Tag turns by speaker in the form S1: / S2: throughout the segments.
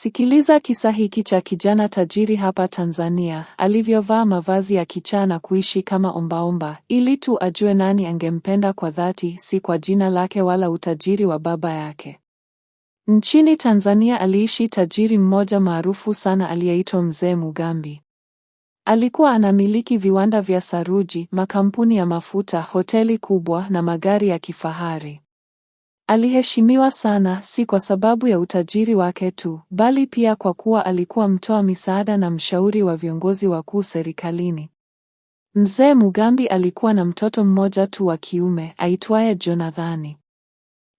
S1: Sikiliza kisa hiki cha kijana tajiri hapa Tanzania alivyovaa mavazi ya kichaa na kuishi kama ombaomba ili tu ajue nani angempenda kwa dhati, si kwa jina lake wala utajiri wa baba yake. Nchini Tanzania aliishi tajiri mmoja maarufu sana aliyeitwa Mzee Mugambi. Alikuwa anamiliki viwanda vya saruji, makampuni ya mafuta, hoteli kubwa na magari ya kifahari. Aliheshimiwa sana, si kwa sababu ya utajiri wake tu, bali pia kwa kuwa alikuwa mtoa misaada na mshauri wa viongozi wakuu serikalini. Mzee Mugambi alikuwa na mtoto mmoja tu wa kiume aitwaye Jonathani.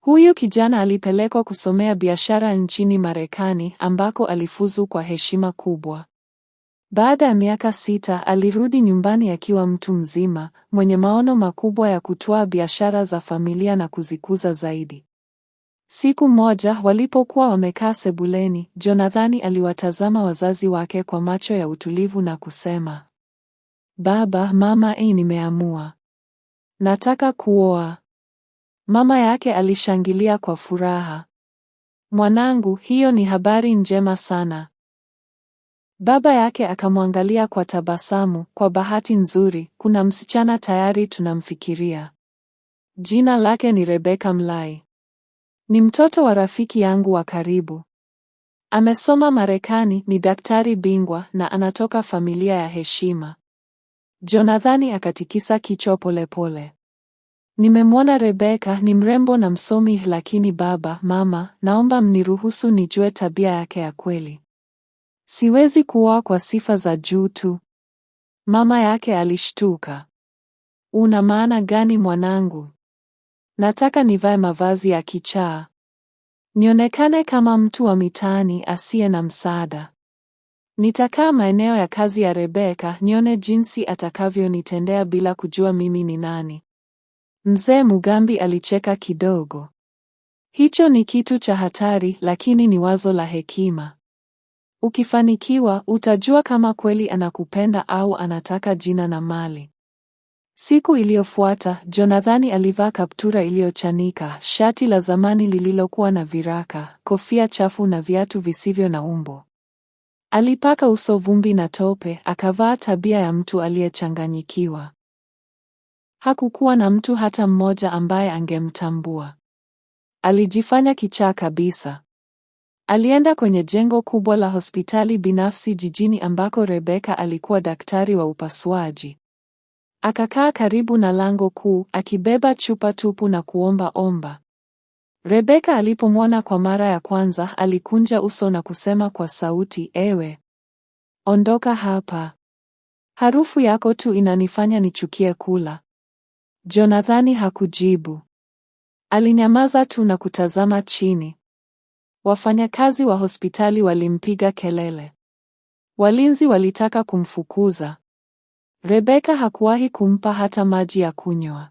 S1: Huyu kijana alipelekwa kusomea biashara nchini Marekani ambako alifuzu kwa heshima kubwa. Baada ya miaka sita alirudi nyumbani akiwa mtu mzima, mwenye maono makubwa ya kutoa biashara za familia na kuzikuza zaidi. Siku moja walipokuwa wamekaa sebuleni, Jonathani aliwatazama wazazi wake kwa macho ya utulivu na kusema, Baba, mama, hii nimeamua. Nataka kuoa. Mama yake alishangilia kwa furaha. Mwanangu, hiyo ni habari njema sana. Baba yake akamwangalia kwa tabasamu, kwa bahati nzuri, kuna msichana tayari tunamfikiria. Jina lake ni Rebeka Mlai. Ni mtoto wa rafiki yangu wa karibu. Amesoma Marekani, ni daktari bingwa na anatoka familia ya heshima. Jonathani akatikisa kichwa polepole. Nimemwona Rebeka, ni mrembo na msomi, lakini baba, mama, naomba mniruhusu nijue tabia yake ya kweli. Siwezi kuoa kwa sifa za juu tu. Mama yake alishtuka. Una maana gani mwanangu? Nataka nivae mavazi ya kichaa. Nionekane kama mtu wa mitaani asiye na msaada. Nitakaa maeneo ya kazi ya Rebeka nione jinsi atakavyonitendea bila kujua mimi ni nani. Mzee Mugambi alicheka kidogo. Hicho ni kitu cha hatari lakini ni wazo la hekima. Ukifanikiwa utajua kama kweli anakupenda au anataka jina na mali. Siku iliyofuata Jonathani alivaa kaptura iliyochanika, shati la zamani lililokuwa na viraka, kofia chafu na viatu visivyo na umbo. Alipaka uso vumbi na tope, akavaa tabia ya mtu aliyechanganyikiwa. Hakukuwa na mtu hata mmoja ambaye angemtambua. Alijifanya kichaa kabisa. Alienda kwenye jengo kubwa la hospitali binafsi jijini ambako Rebeka alikuwa daktari wa upasuaji. Akakaa karibu na lango kuu akibeba chupa tupu na kuomba omba. Rebeka alipomwona kwa mara ya kwanza, alikunja uso na kusema kwa sauti, ewe, ondoka hapa, harufu yako tu inanifanya nichukie kula. Jonathani hakujibu, alinyamaza tu na kutazama chini. Wafanyakazi wa hospitali walimpiga kelele. Walinzi walitaka kumfukuza. Rebeka hakuwahi kumpa hata maji ya kunywa.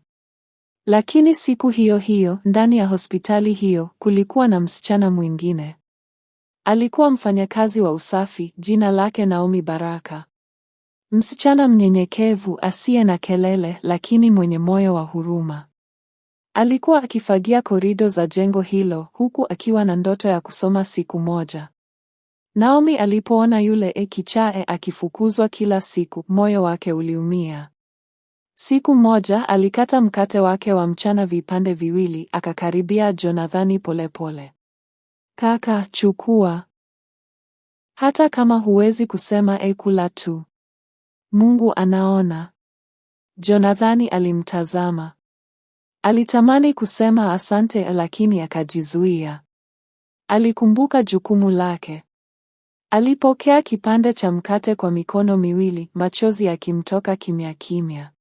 S1: Lakini siku hiyo hiyo, ndani ya hospitali hiyo, kulikuwa na msichana mwingine. Alikuwa mfanyakazi wa usafi, jina lake Naomi Baraka. Msichana mnyenyekevu asiye na kelele, lakini mwenye moyo wa huruma. Alikuwa akifagia korido za jengo hilo huku akiwa na ndoto ya kusoma siku moja. Naomi alipoona yule e kichae akifukuzwa kila siku, moyo wake uliumia. Siku moja alikata mkate wake wa mchana vipande viwili, akakaribia Jonathani polepole. Kaka, chukua. Hata kama huwezi kusema e, kula tu. Mungu anaona. Jonathani alimtazama. Alitamani kusema asante lakini akajizuia. Alikumbuka jukumu lake. Alipokea kipande cha mkate kwa mikono miwili, machozi yakimtoka kimya kimya.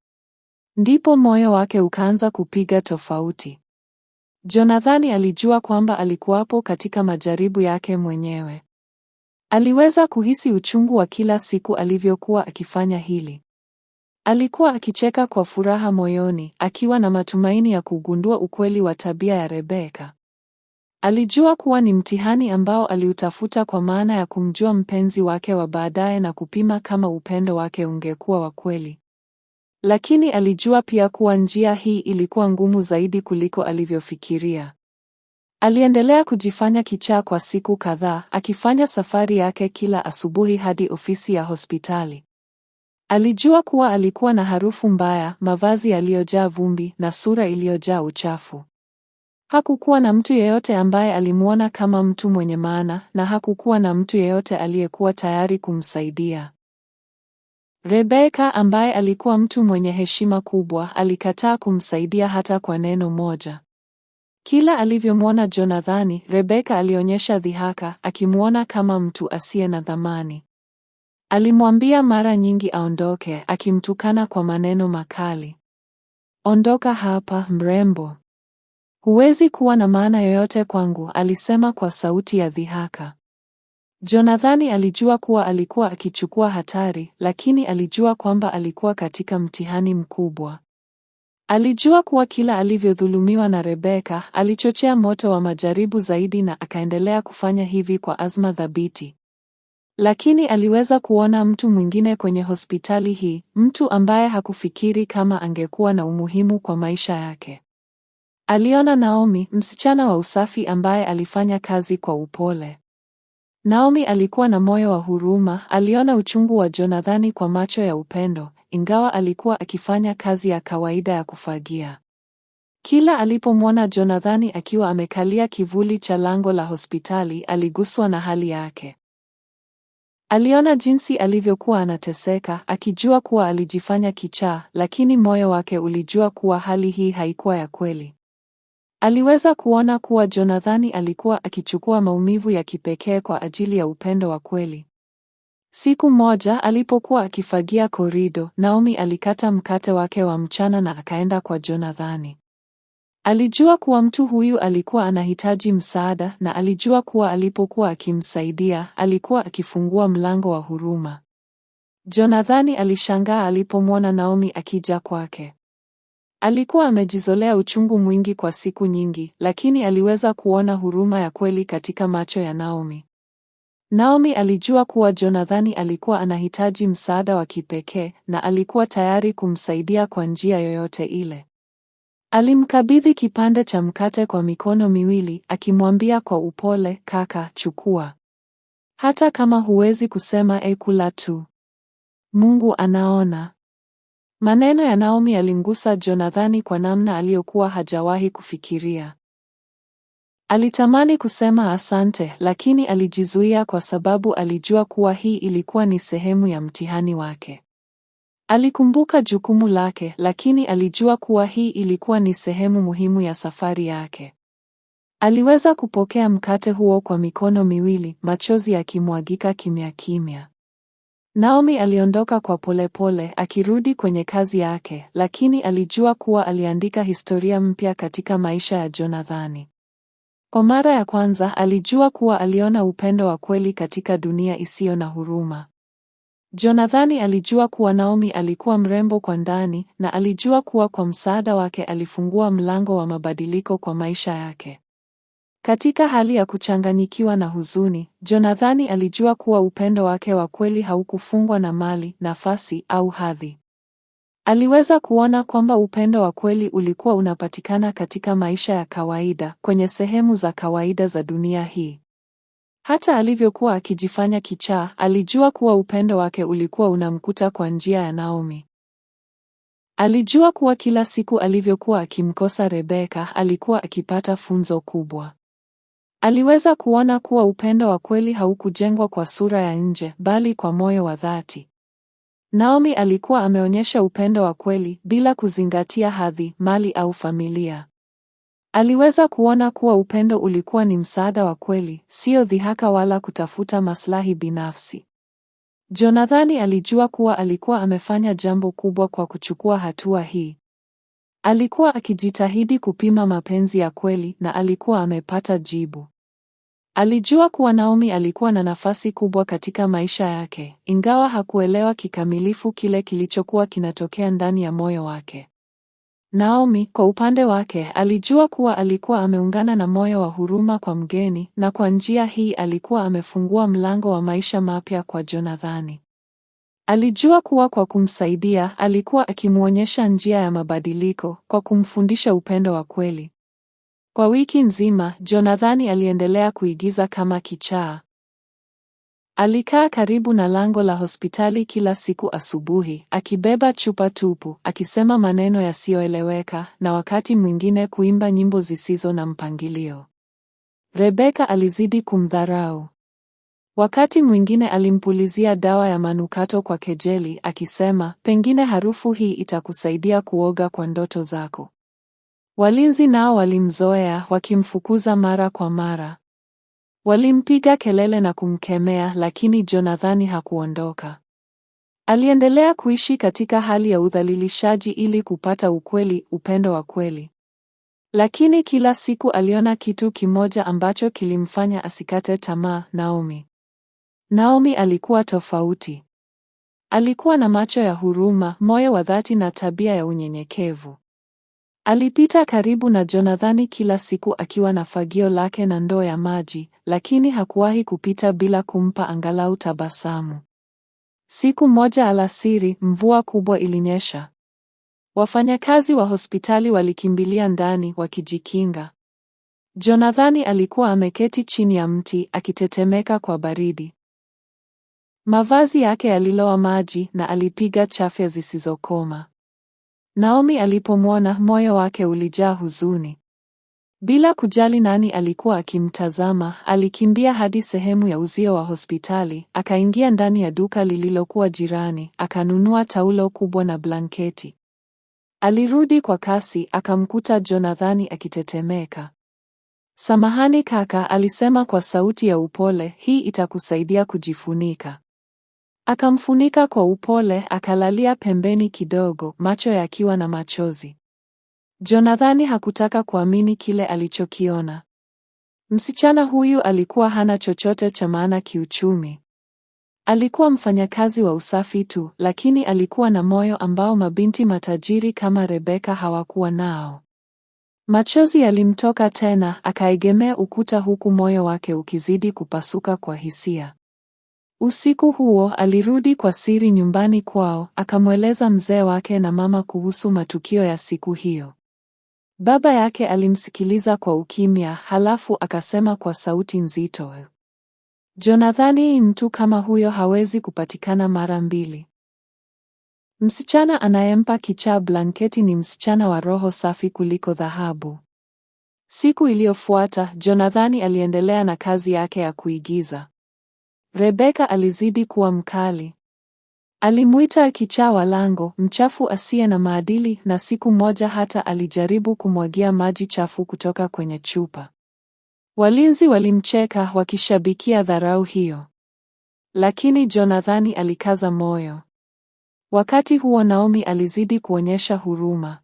S1: Ndipo moyo wake ukaanza kupiga tofauti. Jonathani alijua kwamba alikuwapo katika majaribu yake mwenyewe. Aliweza kuhisi uchungu wa kila siku alivyokuwa akifanya hili. Alikuwa akicheka kwa furaha moyoni, akiwa na matumaini ya kugundua ukweli wa tabia ya Rebeka. Alijua kuwa ni mtihani ambao aliutafuta kwa maana ya kumjua mpenzi wake wa baadaye na kupima kama upendo wake ungekuwa wa kweli. Lakini alijua pia kuwa njia hii ilikuwa ngumu zaidi kuliko alivyofikiria. Aliendelea kujifanya kichaa kwa siku kadhaa, akifanya safari yake kila asubuhi hadi ofisi ya hospitali. Alijua kuwa alikuwa na harufu mbaya, mavazi yaliyojaa vumbi na sura iliyojaa uchafu. Hakukuwa na mtu yeyote ambaye alimwona kama mtu mwenye maana na hakukuwa na mtu yeyote aliyekuwa tayari kumsaidia. Rebeka ambaye alikuwa mtu mwenye heshima kubwa, alikataa kumsaidia hata kwa neno moja. Kila alivyomwona Jonathani, Rebeka alionyesha dhihaka, akimwona kama mtu asiye na thamani. Alimwambia mara nyingi aondoke, akimtukana kwa maneno makali. Ondoka hapa mrembo, huwezi kuwa na maana yoyote kwangu, alisema kwa sauti ya dhihaka. Jonathani alijua kuwa alikuwa akichukua hatari, lakini alijua kwamba alikuwa katika mtihani mkubwa. Alijua kuwa kila alivyodhulumiwa na Rebeka, alichochea moto wa majaribu zaidi na akaendelea kufanya hivi kwa azma thabiti. Lakini aliweza kuona mtu mwingine kwenye hospitali hii, mtu ambaye hakufikiri kama angekuwa na umuhimu kwa maisha yake. Aliona Naomi, msichana wa usafi ambaye alifanya kazi kwa upole. Naomi alikuwa na moyo wa huruma, aliona uchungu wa Jonathani kwa macho ya upendo, ingawa alikuwa akifanya kazi ya kawaida ya kufagia. Kila alipomwona Jonathani akiwa amekalia kivuli cha lango la hospitali, aliguswa na hali yake. Aliona jinsi alivyokuwa anateseka, akijua kuwa alijifanya kichaa, lakini moyo wake ulijua kuwa hali hii haikuwa ya kweli. Aliweza kuona kuwa Jonathani alikuwa akichukua maumivu ya kipekee kwa ajili ya upendo wa kweli. Siku moja alipokuwa akifagia korido, Naomi alikata mkate wake wa mchana na akaenda kwa Jonathani. Alijua kuwa mtu huyu alikuwa anahitaji msaada na alijua kuwa alipokuwa akimsaidia, alikuwa akifungua mlango wa huruma. Jonathani alishangaa alipomwona Naomi akija kwake. Alikuwa amejizolea uchungu mwingi kwa siku nyingi, lakini aliweza kuona huruma ya kweli katika macho ya Naomi. Naomi alijua kuwa Jonathani alikuwa anahitaji msaada wa kipekee na alikuwa tayari kumsaidia kwa njia yoyote ile. Alimkabidhi kipande cha mkate kwa mikono miwili, akimwambia kwa upole, kaka, chukua. Hata kama huwezi kusema ekula tu. Mungu anaona. Maneno ya Naomi yalimgusa Jonathani kwa namna aliyokuwa hajawahi kufikiria. Alitamani kusema asante, lakini alijizuia kwa sababu alijua kuwa hii ilikuwa ni sehemu ya mtihani wake. Alikumbuka jukumu lake, lakini alijua kuwa hii ilikuwa ni sehemu muhimu ya safari yake. Aliweza kupokea mkate huo kwa mikono miwili, machozi yakimwagika kimya kimya. Naomi aliondoka kwa polepole pole, akirudi kwenye kazi yake, lakini alijua kuwa aliandika historia mpya katika maisha ya Jonathani. Kwa mara ya kwanza alijua kuwa aliona upendo wa kweli katika dunia isiyo na huruma. Jonathani alijua kuwa Naomi alikuwa mrembo kwa ndani na alijua kuwa kwa msaada wake alifungua mlango wa mabadiliko kwa maisha yake. Katika hali ya kuchanganyikiwa na huzuni, Jonathani alijua kuwa upendo wake wa kweli haukufungwa na mali, nafasi au hadhi. Aliweza kuona kwamba upendo wa kweli ulikuwa unapatikana katika maisha ya kawaida, kwenye sehemu za kawaida za dunia hii. Hata alivyokuwa akijifanya kichaa, alijua kuwa upendo wake ulikuwa unamkuta kwa njia ya Naomi. Alijua kuwa kila siku alivyokuwa akimkosa Rebeka, alikuwa akipata funzo kubwa. Aliweza kuona kuwa upendo wa kweli haukujengwa kwa sura ya nje, bali kwa moyo wa dhati. Naomi alikuwa ameonyesha upendo wa kweli bila kuzingatia hadhi, mali au familia. Aliweza kuona kuwa upendo ulikuwa ni msaada wa kweli, sio dhihaka wala kutafuta maslahi binafsi. Jonathani alijua kuwa alikuwa amefanya jambo kubwa kwa kuchukua hatua hii. Alikuwa akijitahidi kupima mapenzi ya kweli na alikuwa amepata jibu. Alijua kuwa Naomi alikuwa na nafasi kubwa katika maisha yake, ingawa hakuelewa kikamilifu kile kilichokuwa kinatokea ndani ya moyo wake. Naomi kwa upande wake alijua kuwa alikuwa ameungana na moyo wa huruma kwa mgeni na kwa njia hii alikuwa amefungua mlango wa maisha mapya kwa Jonathani. Alijua kuwa kwa kumsaidia alikuwa akimwonyesha njia ya mabadiliko kwa kumfundisha upendo wa kweli. Kwa wiki nzima Jonathani aliendelea kuigiza kama kichaa. Alikaa karibu na lango la hospitali kila siku asubuhi, akibeba chupa tupu, akisema maneno yasiyoeleweka na wakati mwingine kuimba nyimbo zisizo na mpangilio. Rebeka alizidi kumdharau. Wakati mwingine alimpulizia dawa ya manukato kwa kejeli, akisema, pengine harufu hii itakusaidia kuoga kwa ndoto zako. Walinzi nao walimzoea, wakimfukuza mara kwa mara. Walimpiga kelele na kumkemea, lakini Jonathani hakuondoka. Aliendelea kuishi katika hali ya udhalilishaji ili kupata ukweli, upendo wa kweli. Lakini kila siku aliona kitu kimoja ambacho kilimfanya asikate tamaa, Naomi. Naomi alikuwa tofauti. Alikuwa na macho ya huruma, moyo wa dhati na tabia ya unyenyekevu. Alipita karibu na Jonathani kila siku akiwa na fagio lake na ndoo ya maji, lakini hakuwahi kupita bila kumpa angalau tabasamu. Siku moja alasiri, mvua kubwa ilinyesha. Wafanyakazi wa hospitali walikimbilia ndani wakijikinga. Jonathani alikuwa ameketi chini ya mti akitetemeka kwa baridi. Mavazi yake yalilowa maji na alipiga chafya zisizokoma. Naomi alipomwona, moyo wake ulijaa huzuni. Bila kujali nani alikuwa akimtazama, alikimbia hadi sehemu ya uzio wa hospitali, akaingia ndani ya duka lililokuwa jirani, akanunua taulo kubwa na blanketi. Alirudi kwa kasi, akamkuta Jonathani akitetemeka. Samahani kaka, alisema kwa sauti ya upole, hii itakusaidia kujifunika. Akamfunika kwa upole, akalalia pembeni kidogo, macho yakiwa na machozi. Jonathani hakutaka kuamini kile alichokiona. Msichana huyu alikuwa hana chochote cha maana kiuchumi. Alikuwa mfanyakazi wa usafi tu, lakini alikuwa na moyo ambao mabinti matajiri kama Rebeka hawakuwa nao. Machozi yalimtoka tena, akaegemea ukuta huku moyo wake ukizidi kupasuka kwa hisia. Usiku huo alirudi kwa siri nyumbani kwao, akamweleza mzee wake na mama kuhusu matukio ya siku hiyo. Baba yake alimsikiliza kwa ukimya, halafu akasema kwa sauti nzito, Jonathani, mtu kama huyo hawezi kupatikana mara mbili. Msichana anayempa kichaa blanketi ni msichana wa roho safi kuliko dhahabu. Siku iliyofuata, Jonathani aliendelea na kazi yake ya kuigiza. Rebeka alizidi kuwa mkali. Alimwita kichaa lango, mchafu asiye na maadili, na siku moja hata alijaribu kumwagia maji chafu kutoka kwenye chupa. Walinzi walimcheka wakishabikia dharau hiyo, lakini Jonathani alikaza moyo. Wakati huo Naomi alizidi kuonyesha huruma.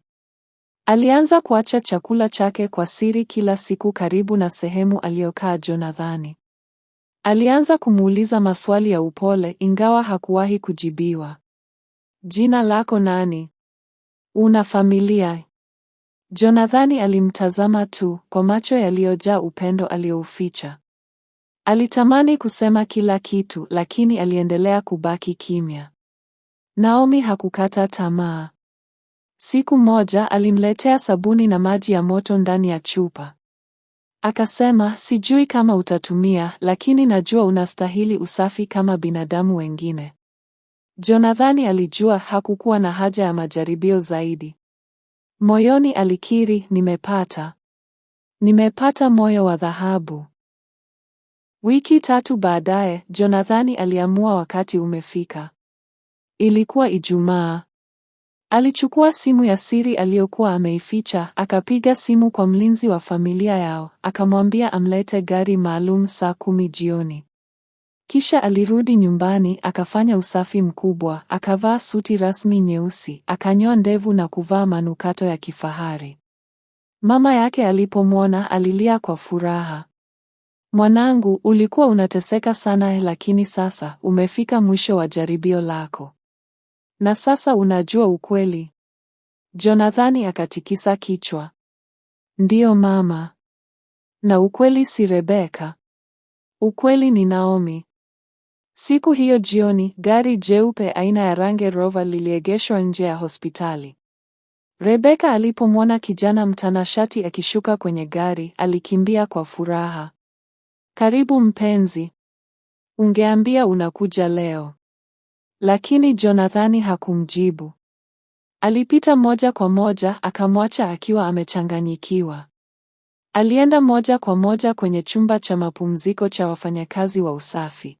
S1: Alianza kuacha chakula chake kwa siri kila siku karibu na sehemu aliyokaa Jonathani. Alianza kumuuliza maswali ya upole ingawa hakuwahi kujibiwa. Jina lako nani? Una familia? Jonathani alimtazama tu kwa macho yaliyojaa upendo aliyouficha. Alitamani kusema kila kitu, lakini aliendelea kubaki kimya. Naomi hakukata tamaa. Siku moja alimletea sabuni na maji ya moto ndani ya chupa. Akasema, sijui kama utatumia, lakini najua unastahili usafi kama binadamu wengine. Jonathani alijua hakukuwa na haja ya majaribio zaidi. Moyoni alikiri, nimepata. Nimepata moyo wa dhahabu. Wiki tatu baadaye, Jonathani aliamua wakati umefika. Ilikuwa Ijumaa. Alichukua simu ya siri aliyokuwa ameificha, akapiga simu kwa mlinzi wa familia yao, akamwambia amlete gari maalum saa kumi jioni. Kisha alirudi nyumbani, akafanya usafi mkubwa, akavaa suti rasmi nyeusi, akanyoa ndevu na kuvaa manukato ya kifahari. Mama yake alipomwona alilia kwa furaha. Mwanangu, ulikuwa unateseka sana lakini sasa umefika mwisho wa jaribio lako. Na sasa unajua ukweli. Jonathani akatikisa kichwa. Ndiyo mama. Na ukweli si Rebeka. Ukweli ni Naomi. Siku hiyo jioni, gari jeupe aina ya Range Rover liliegeshwa nje ya hospitali. Rebeka alipomwona kijana mtanashati akishuka kwenye gari, alikimbia kwa furaha. Karibu mpenzi. Ungeambia unakuja leo. Lakini Jonathani hakumjibu. Alipita moja kwa moja akamwacha akiwa amechanganyikiwa. Alienda moja kwa moja kwenye chumba cha mapumziko cha wafanyakazi wa usafi.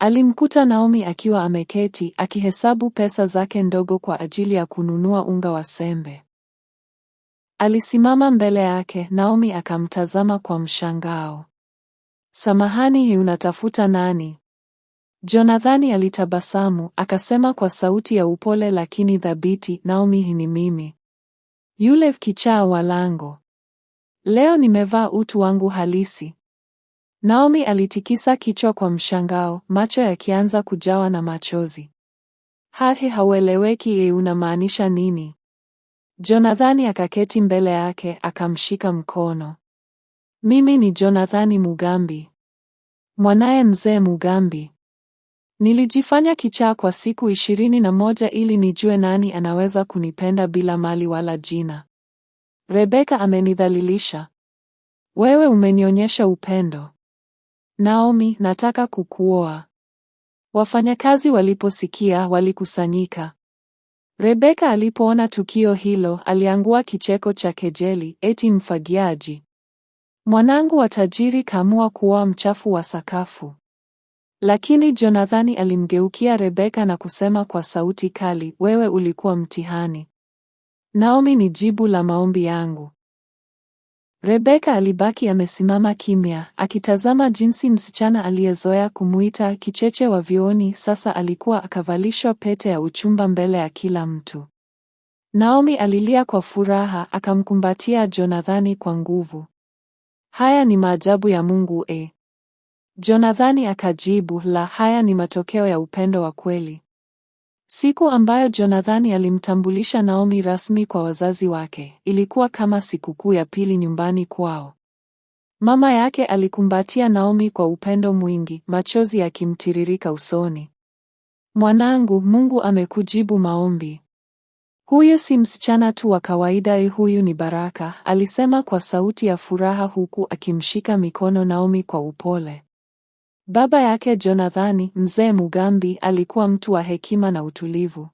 S1: Alimkuta Naomi akiwa ameketi akihesabu pesa zake ndogo kwa ajili ya kununua unga wa sembe. Alisimama mbele yake, Naomi akamtazama kwa mshangao. Samahani, unatafuta nani? Jonathani alitabasamu, akasema kwa sauti ya upole lakini thabiti, Naomi, ni mimi. Yule kichaa wa lango. Leo nimevaa utu wangu halisi. Naomi alitikisa kichwa kwa mshangao, macho yakianza kujawa na machozi. hahi haueleweki, e, unamaanisha nini? Jonathani akaketi mbele yake, akamshika mkono. Mimi ni Jonathani Mugambi, mwanaye mzee Mugambi. Nilijifanya kichaa kwa siku ishirini na moja ili nijue nani anaweza kunipenda bila mali wala jina. Rebeka amenidhalilisha. Wewe umenionyesha upendo. Naomi, nataka kukuoa. Wafanyakazi waliposikia walikusanyika. Rebeka alipoona tukio hilo, aliangua kicheko cha kejeli, eti mfagiaji. Mwanangu wa tajiri kaamua kuoa mchafu wa sakafu. Lakini Jonathani alimgeukia Rebeka na kusema kwa sauti kali, wewe ulikuwa mtihani. Naomi ni jibu la maombi yangu. Rebeka alibaki amesimama kimya, akitazama jinsi msichana aliyezoea kumuita kicheche wa vioni sasa alikuwa akavalishwa pete ya uchumba mbele ya kila mtu. Naomi alilia kwa furaha, akamkumbatia Jonathani kwa nguvu. Haya ni maajabu ya Mungu, e. Jonathani akajibu, la, haya ni matokeo ya upendo wa kweli. Siku ambayo Jonathani alimtambulisha Naomi rasmi kwa wazazi wake, ilikuwa kama sikukuu ya pili nyumbani kwao. Mama yake alikumbatia Naomi kwa upendo mwingi, machozi yakimtiririka usoni. Mwanangu, Mungu amekujibu maombi. Huyu si msichana tu wa kawaida, eh, huyu ni baraka, alisema kwa sauti ya furaha huku akimshika mikono Naomi kwa upole. Baba yake Jonathani, mzee Mugambi, alikuwa mtu wa hekima na utulivu.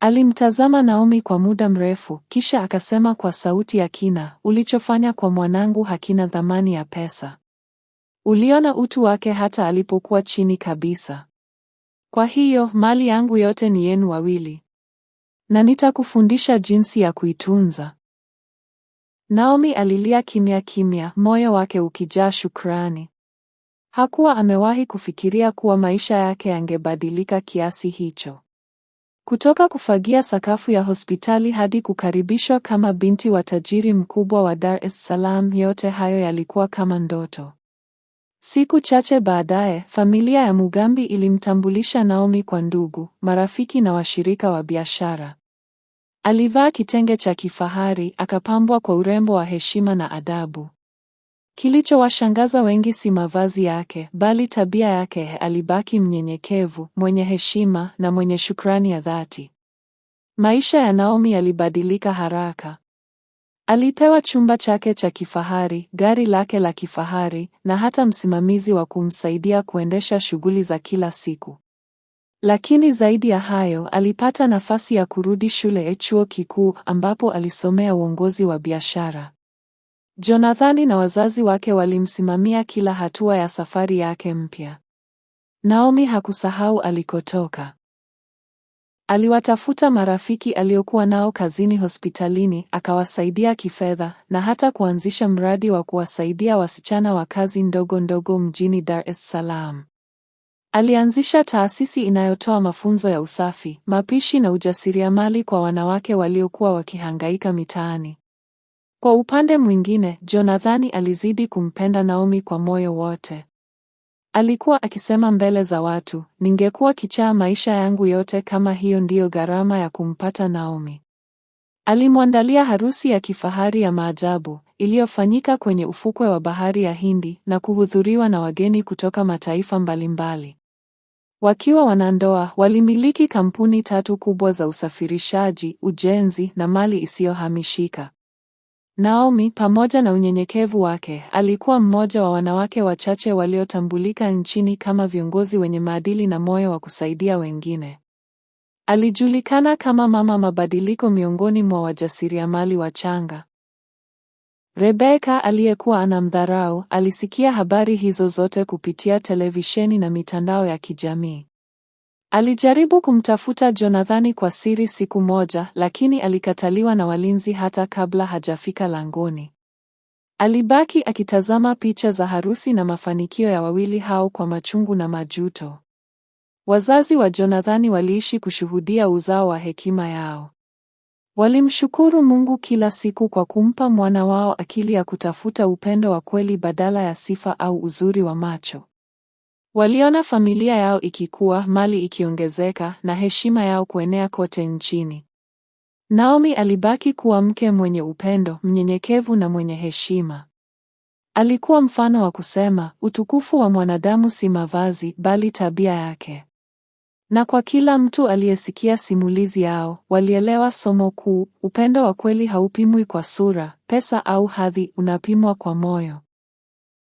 S1: Alimtazama Naomi kwa muda mrefu, kisha akasema kwa sauti ya kina, ulichofanya kwa mwanangu hakina thamani ya pesa. Uliona utu wake hata alipokuwa chini kabisa. Kwa hiyo mali yangu yote ni yenu wawili, na nitakufundisha jinsi ya kuitunza. Naomi alilia kimya kimya, moyo wake ukijaa shukrani. Hakuwa amewahi kufikiria kuwa maisha yake yangebadilika kiasi hicho. Kutoka kufagia sakafu ya hospitali hadi kukaribishwa kama binti wa tajiri mkubwa wa Dar es Salaam, yote hayo yalikuwa kama ndoto. Siku chache baadaye, familia ya Mugambi ilimtambulisha Naomi kwa ndugu, marafiki na washirika wa biashara. Alivaa kitenge cha kifahari, akapambwa kwa urembo wa heshima na adabu. Kilichowashangaza wengi si mavazi yake, bali tabia yake. Alibaki mnyenyekevu, mwenye heshima na mwenye shukrani ya dhati. Maisha ya Naomi yalibadilika haraka. Alipewa chumba chake cha kifahari, gari lake la kifahari na hata msimamizi wa kumsaidia kuendesha shughuli za kila siku. Lakini zaidi ya hayo, alipata nafasi ya kurudi shule ya chuo kikuu ambapo alisomea uongozi wa biashara. Jonathani na wazazi wake walimsimamia kila hatua ya safari yake mpya. Naomi hakusahau alikotoka. Aliwatafuta marafiki aliokuwa nao kazini, hospitalini, akawasaidia kifedha na hata kuanzisha mradi wa kuwasaidia wasichana wa kazi ndogo ndogo mjini Dar es Salaam. Alianzisha taasisi inayotoa mafunzo ya usafi, mapishi na ujasiriamali kwa wanawake waliokuwa wakihangaika mitaani. Kwa upande mwingine, Jonathani alizidi kumpenda Naomi kwa moyo wote. Alikuwa akisema mbele za watu, ningekuwa kichaa maisha yangu yote kama hiyo ndiyo gharama ya kumpata Naomi. Alimwandalia harusi ya kifahari ya maajabu iliyofanyika kwenye ufukwe wa bahari ya Hindi na kuhudhuriwa na wageni kutoka mataifa mbalimbali. Wakiwa wanandoa, walimiliki kampuni tatu kubwa za usafirishaji, ujenzi na mali isiyohamishika. Naomi, pamoja na unyenyekevu wake, alikuwa mmoja wa wanawake wachache waliotambulika nchini kama viongozi wenye maadili na moyo wa kusaidia wengine. Alijulikana kama mama mabadiliko miongoni mwa wajasiriamali wachanga. Rebeka aliyekuwa anamdharau, alisikia habari hizo zote kupitia televisheni na mitandao ya kijamii. Alijaribu kumtafuta Jonathani kwa siri siku moja, lakini alikataliwa na walinzi hata kabla hajafika langoni. Alibaki akitazama picha za harusi na mafanikio ya wawili hao kwa machungu na majuto. Wazazi wa Jonathani waliishi kushuhudia uzao wa hekima yao. Walimshukuru Mungu kila siku kwa kumpa mwana wao akili ya kutafuta upendo wa kweli badala ya sifa au uzuri wa macho. Waliona familia yao ikikua, mali ikiongezeka na heshima yao kuenea kote nchini. Naomi alibaki kuwa mke mwenye upendo, mnyenyekevu na mwenye heshima. Alikuwa mfano wa kusema, utukufu wa mwanadamu si mavazi, bali tabia yake. Na kwa kila mtu aliyesikia simulizi yao, walielewa somo kuu, upendo wa kweli haupimwi kwa sura, pesa au hadhi, unapimwa kwa moyo.